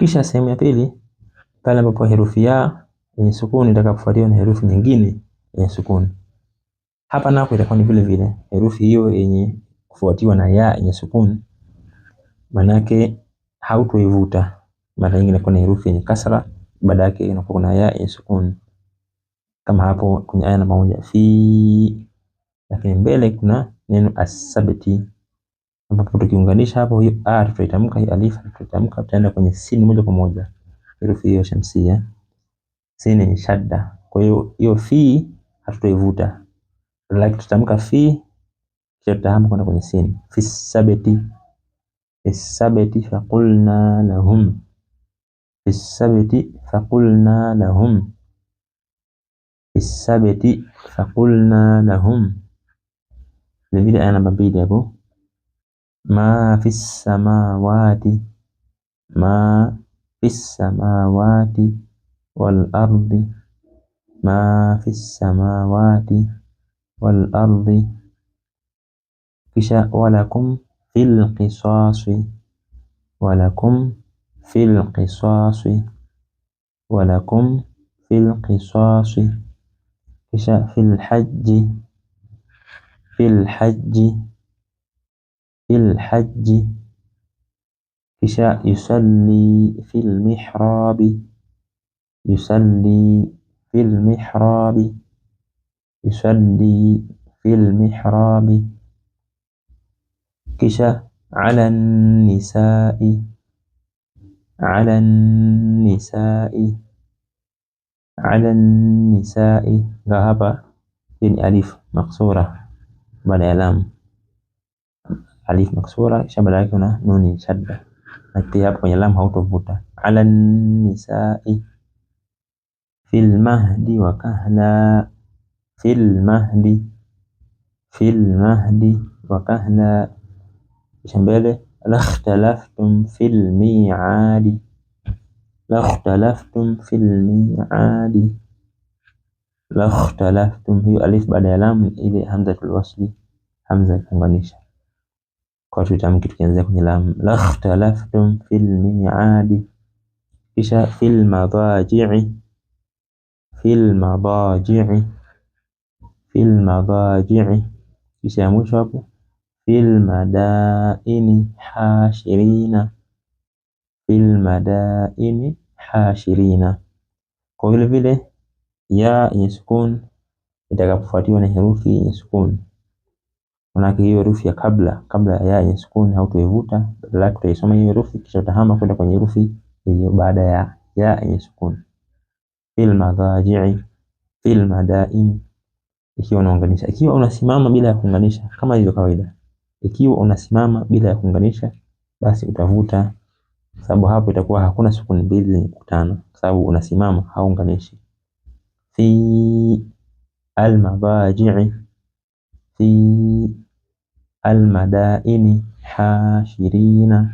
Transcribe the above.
Kisha sehemu ya pili pale ambapo herufi ya yenye sukuni itakapofuatiwa na herufi nyingine yenye sukuni. Hapa nako itakuwa ni vile vile herufi hiyo yenye kufuatiwa na ya yenye sukuni, manake hautoivuta. Mara nyingi inakuwa ni herufi yenye kasra, baada yake inakuwa kuna ya yenye sukuni, kama hapo kwenye aya namba moja fi, lakini mbele kuna neno asabiti ambapo tukiunganisha hapo hiyo r tutaitamka, hii alif tutaitamka, tutaenda kwenye sin moja kwa moja, herufi hiyo shamsia. Sin eh? ni shadda, kwa hiyo hiyo fi hatutaivuta, like tutatamka fi, kisha tutahama kwenda kwenye sin. Fi sabati, fi sabati faqulna lahum, fi sabati faqulna lahum, fi sabati faqulna lahum. Vilevile aya namba mbili hapo ما في السماوات ما في السماوات والأرض ما في السماوات والأرض ولكم في القصاص ولكم في القصاص ولكم في القصاص في الحج في الحج في الحج يصلي في المحراب يصلي في المحراب يصلي في المحراب كشا على النساء على النساء على النساء ذهب يعني ألف مقصورة بالإعلام alif maksura kisha yake una nuni shadda naktia hapo kwenye lam hautovuta. ala nisai fil mahdi wa kahla, fil mahdi fil mahdi wa kahla. Kisha mbele lakhtalaftum fil mi'adi, lakhtalaftum fil mi'adi, lakhtalaftum. Hiyo alif baada ya lam ile hamzatul wasli, hamza kuunganisha kwa tuitamu kitu kianzia kwenye lam, lakhtalaftum fil miadi, kisha fil madaji'i, fil madaji'i, fil madaji'i, kisha mwisho hapo fil madaini hashirina, fil madaini hashirina. Kwa vile vile ya yenye sukun itakapofuatiwa na herufi yenye sukun Maanake hiyo herufi ya kabla kabla ya ya yenye sukuni hautaivuta, badala yake utaisoma hiyo herufi kisha utahama kwenda kwenye herufi iliyo baada ya ya yenye sukuni. Fil madhaji'i, fil madaini, ikiwa unaunganisha. Ikiwa unasimama bila ya kuunganisha kama ilivyo kawaida, ikiwa unasimama bila ya kuunganisha, basi utavuta, sababu hapo itakuwa hakuna sukuni mbili zenye kukutana, sababu unasimama hauunganishi. Fi al madhaji'i fi الْمَدَائِنِ حَاشِرِينَ